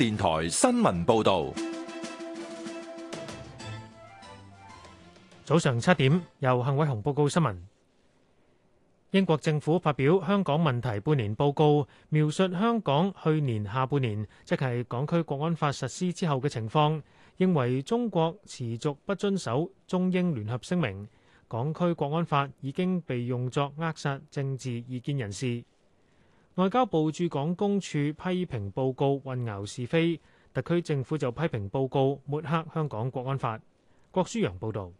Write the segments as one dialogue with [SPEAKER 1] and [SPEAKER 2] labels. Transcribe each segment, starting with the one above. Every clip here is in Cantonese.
[SPEAKER 1] 電台新聞報道：
[SPEAKER 2] 早上七點，由幸偉雄報告新聞。英國政府發表香港問題半年報告，描述香港去年下半年，即係港區國安法實施之後嘅情況，認為中國持續不遵守中英聯合聲明，港區國安法已經被用作扼殺政治異見人士。外交部駐港公署批評報告混淆是非，特區政府就批評報告抹黑香港國安法。郭舒揚報道，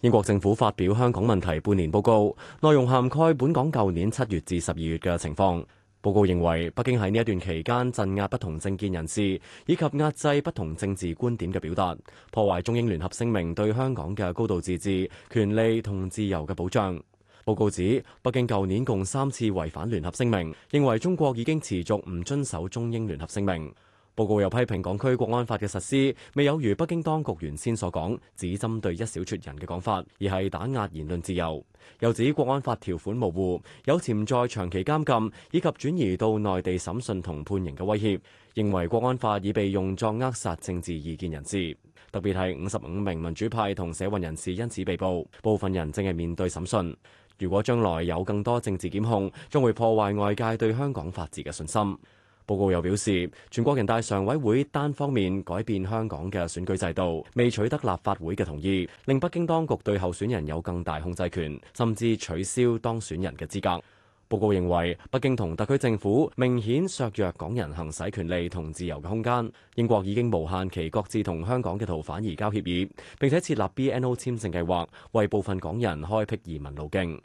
[SPEAKER 3] 英國政府發表香港問題半年報告，內容涵蓋本港舊年七月至十二月嘅情況。報告認為，北京喺呢一段期間鎮壓不同政見人士，以及壓制不同政治觀點嘅表達，破壞中英聯合聲明對香港嘅高度自治、權利同自由嘅保障。報告指，北京舊年共三次違反聯合聲明，認為中國已經持續唔遵守中英聯合聲明。報告又批評港區國安法嘅實施未有如北京當局原先所講，只針對一小撮人嘅講法，而係打壓言論自由。又指國安法條款模糊，有潛在長期監禁以及轉移到內地審訊同判刑嘅威脅，認為國安法已被用作扼殺政治異見人士。特別係五十五名民主派同社運人士因此被捕，部分人正係面對審訊。如果將來有更多政治檢控，將會破壞外界對香港法治嘅信心。報告又表示，全國人大常委會單方面改變香港嘅選舉制度，未取得立法會嘅同意，令北京當局對候選人有更大控制權，甚至取消當選人嘅資格。報告認為，北京同特區政府明顯削弱港人行使權利同自由嘅空間。英國已經無限期擱置同香港嘅逃犯移交協議，並且設立 BNO 簽證計劃，為部分港人開闢移民路徑。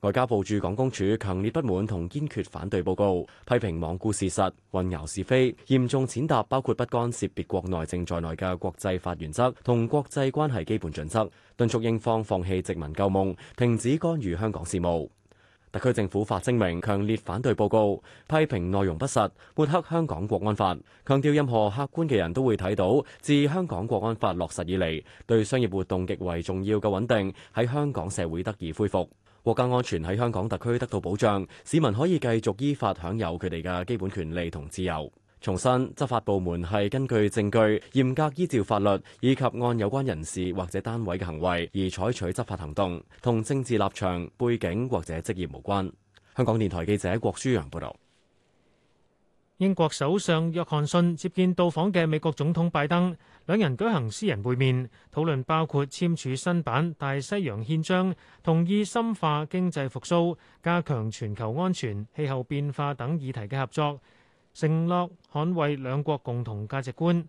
[SPEAKER 3] 外交部駐港公署強烈不滿同堅決反對報告，批評罔顧事實、混淆是非，嚴重踐踏包括不干涉別國內政在內嘅國際法原則同國際關係基本準則，敦促英方放棄殖民舊夢，停止干預香港事務。特區政府發聲明，強烈反對報告，批評內容不實，抹黑香港國安法，強調任何客觀嘅人都會睇到，自香港國安法落實以嚟，對商業活動極為重要嘅穩定喺香港社會得以恢復，國家安全喺香港特區得到保障，市民可以繼續依法享有佢哋嘅基本權利同自由。重申，執法部門係根據證據，嚴格依照法律，以及按有關人士或者單位嘅行為而採取執法行動，同政治立場、背景或者職業無關。香港電台記者郭書洋報道。
[SPEAKER 2] 英國首相約翰遜接見到訪嘅美國總統拜登，兩人舉行私人會面，討論包括簽署新版《大西洋憲章》，同意深化經濟復甦、加強全球安全、氣候變化等議題嘅合作。承諾捍衛兩國共同價值觀。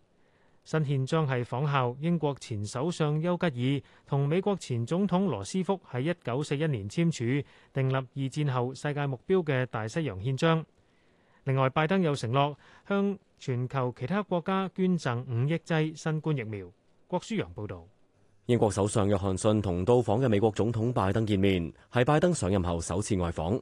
[SPEAKER 2] 新憲章係仿效英國前首相丘吉爾同美國前總統羅斯福喺一九四一年簽署訂立二戰後世界目標嘅大西洋憲章。另外，拜登又承諾向全球其他國家捐贈五億劑新冠疫苗。郭舒陽報道。
[SPEAKER 3] 英國首相約翰遜同到訪嘅美國總統拜登見面，係拜登上任後首次外訪。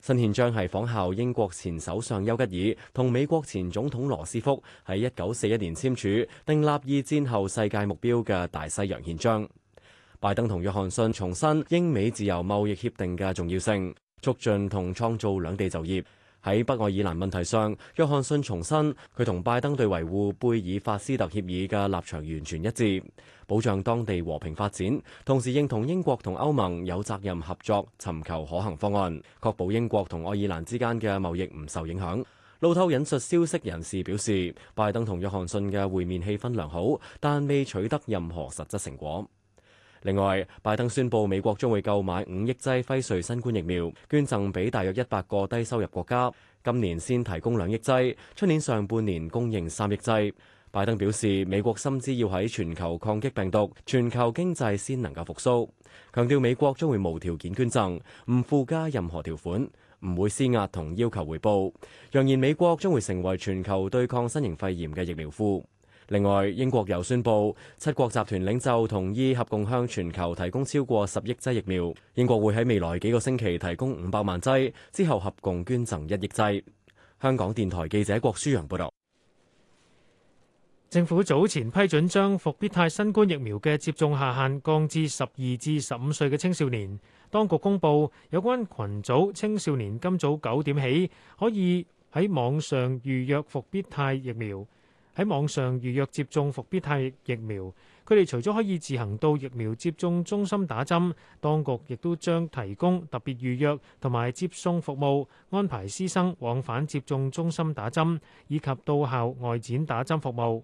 [SPEAKER 3] 新憲章係仿效英國前首相丘吉爾同美國前總統羅斯福喺一九四一年簽署訂立二戰後世界目標嘅大西洋憲章。拜登同約翰遜重申英美自由貿易協定嘅重要性，促進同創造兩地就業。喺北愛爾蘭問題上，約翰遜重申佢同拜登對維護貝爾法斯特協議嘅立場完全一致，保障當地和平發展。同時認同英國同歐盟有責任合作，尋求可行方案，確保英國同愛爾蘭之間嘅貿易唔受影響。路透引述消息人士表示，拜登同約翰遜嘅會面氣氛良好，但未取得任何實質成果。另外，拜登宣布美國將會購買五億劑輝瑞新冠疫苗，捐贈俾大約一百個低收入國家。今年先提供兩億劑，出年上半年供應三億劑，拜登表示，美國深知要喺全球抗擊病毒，全球經濟先能夠復甦，強調美國將會無條件捐贈，唔附加任何條款，唔會施壓同要求回報，揚言美國將會成為全球對抗新型肺炎嘅疫苗庫。另外，英國又宣布，七國集團領袖同意合共向全球提供超過十億劑疫苗。英國會喺未來幾個星期提供五百萬劑，之後合共捐贈一億劑。香港電台記者郭舒揚報道，
[SPEAKER 2] 政府早前批准將復必泰新冠疫苗
[SPEAKER 3] 嘅接種下限降至
[SPEAKER 2] 十二至十五歲嘅青少年。當局公布有關群組青少年今早九點起可以喺網上預約復必泰疫苗。喺網上預約接種復必泰疫苗，佢哋除咗可以自行到疫苗接種中心打針，當局亦都將提供特別預約同埋接送服務，安排師生往返接種中心打針，以及到校外展打針服務。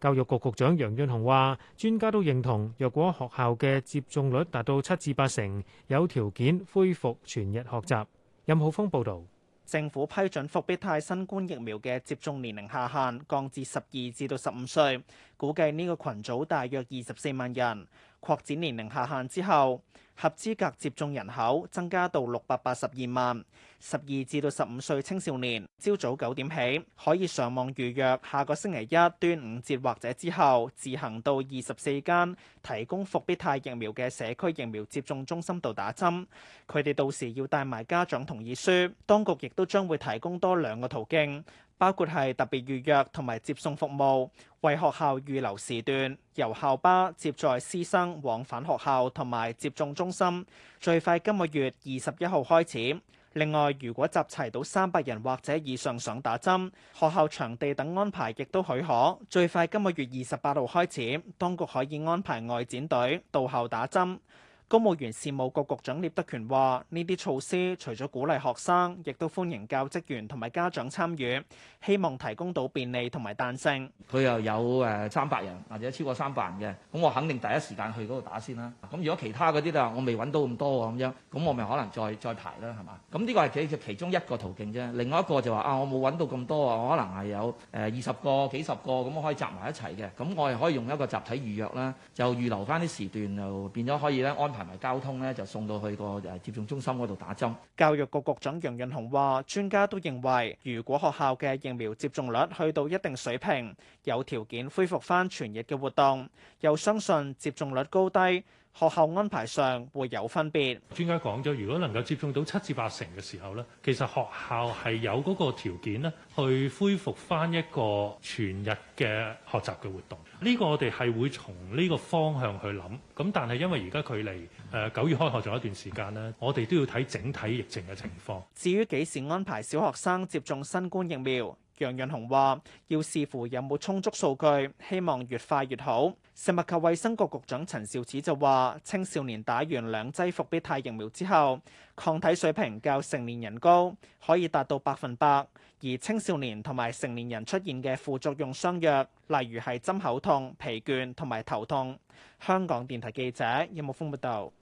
[SPEAKER 2] 教育局局長楊潤雄話：專家都認同，若果學校嘅接種率達到七至八成，有條件恢復全日學習。任浩峰
[SPEAKER 1] 報導。政府批准復必泰新冠疫苗嘅接種年齡下限降至十二至到十五歲，估計呢個群組大約二十四萬人。擴展年齡下限之後，合資格接種人口增加到六百八十二萬。十二至到十五歲青少年，朝早九點起可以上網預約，下個星期一端午節或者之後，自行到二十四間提供復必泰疫苗嘅社區疫苗接種中心度打針。佢哋到時要帶埋家長同意書。當局亦都將會提供多兩個途徑。包括係特別預約同埋接送服務，為學校預留時段，由校巴接載師生往返學校同埋接種中心，最快今個月二十一號開始。另外，如果集齊到三百人或者以上想打針，學校場地等安排亦都許可，最快今個月二十八號開始，當局可以安排外展隊到校打針。公務員事務局局長聶德權話：呢啲措施，除咗鼓勵學生，亦都歡迎教職員同埋家長參與，希望提供到便利同埋彈性。佢又有誒，三百人或者超過三百人嘅，咁我肯定第一時間去嗰度打先啦。咁如果其他嗰啲就我未揾到咁多咁樣，咁我咪可能再再排啦，係嘛？咁呢個係其其中一個途徑啫。另外一個就話、是、啊，我冇揾到咁多啊，我可能係有誒二十個、幾十個咁，我可以集埋一齊嘅。咁我係可以用一個集體預約啦，就預留翻啲時段，就變咗可以咧安。同埋交通咧，就送到去個誒接種中心嗰度打針。教育局局長楊潤雄話：專家都認為，如果學校嘅疫苗接種率去到一定水平，有條件恢復翻全日嘅活動，又相信接種率高低，學校安排上會有分別。
[SPEAKER 2] 專家講咗，如果能夠接種到七至八成嘅時候咧，其實學校係有嗰個條件咧，去恢復翻一個全日嘅學習嘅活動。呢個我哋係會從呢個方向去諗。咁但係因為而家距離誒九月開學仲有一段時間呢，我哋都要睇整體疫情嘅情況。
[SPEAKER 1] 至於幾時安排小學生接種新冠疫苗？楊潤雄話，要視乎有冇充足數據，希望越快越好。食物及衛生局局長陳肇始就話，青少年打完兩劑復必泰疫苗之後，抗體水平較成年人高，可以達到百分百。而青少年同埋成年人出現嘅副作用相若，例如係針口痛、疲倦同埋頭痛。香港電台記者任木峰報道。有有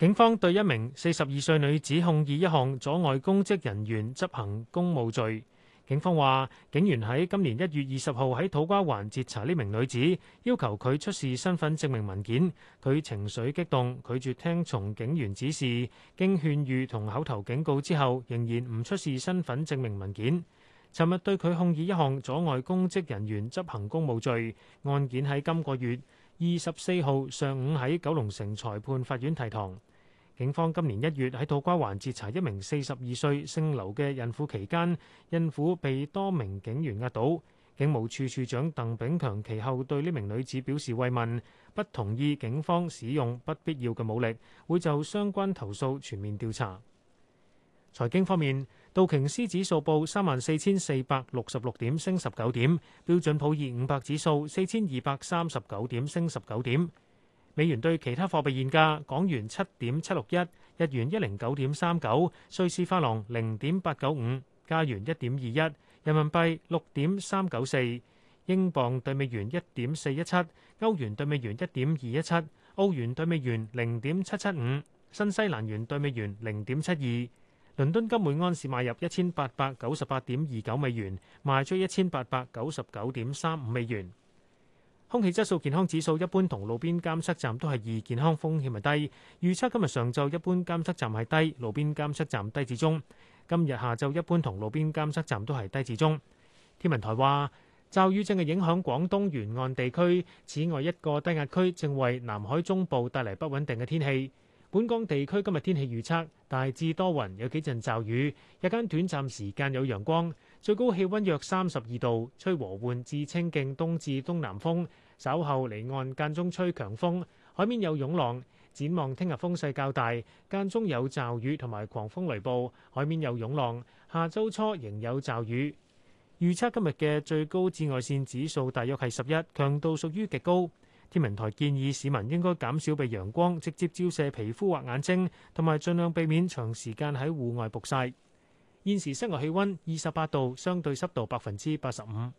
[SPEAKER 2] 警方對一名四十二歲女子控以一項阻礙公職人員執行公務罪。警方話，警員喺今年一月二十號喺土瓜灣截查呢名女子，要求佢出示身份證明文件。佢情緒激動，拒絕聽從警員指示。經勸喻同口頭警告之後，仍然唔出示身份證明文件。尋日對佢控以一項阻礙公職人員執行公務罪。案件喺今個月二十四號上午喺九龍城裁判法院提堂。警方今年一月喺土瓜灣截查一名四十二歲姓劉嘅孕婦期間，孕婦被多名警員壓倒。警務處處長鄧炳強其後對呢名女子表示慰問，不同意警方使用不必要嘅武力，會就相關投訴全面調查。財經方面，道瓊斯指數報三萬四千四百六十六點，升十九點；標準普爾五百指數四千二百三十九點，升十九點。美元兌其他貨幣現價：港元七點七六一，日元一零九點三九，瑞士法郎零點八九五，加元一點二一，人民幣六點三九四，英鎊對美元一點四一七，歐元對美元一點二一七，澳元對美元零點七七五，新西蘭元對美元零點七二。倫敦金每盎司買入一千八百九十八點二九美元，賣出一千八百九十九點三五美元。空氣質素健康指數一般同路邊監測站都係二，健康風險係低，預測今日上晝一般監測站係低，路邊監測站低至中。今日下晝一般同路邊監測站都係低至中。天文台話，驟雨正係影響廣東沿岸地區，此外一個低壓區正為南海中部帶嚟不穩定嘅天氣。本港地區今日天氣預測大致多雲，有幾陣驟雨，日間短暫時間有陽光。最高氣温約三十二度，吹和緩至清勁東至東南風，稍後離岸間中吹強風，海面有湧浪。展望聽日風勢較大，間中有驟雨同埋狂風雷暴，海面有湧浪。下周初仍有驟雨。預測今日嘅最高紫外線指數大約係十一，強度屬於極高。天文台建議市民應該減少被陽光直接照射皮膚或眼睛，同埋盡量避免長時間喺戶外曝曬。現時室外氣溫二十八度，相對濕度百分之八十五。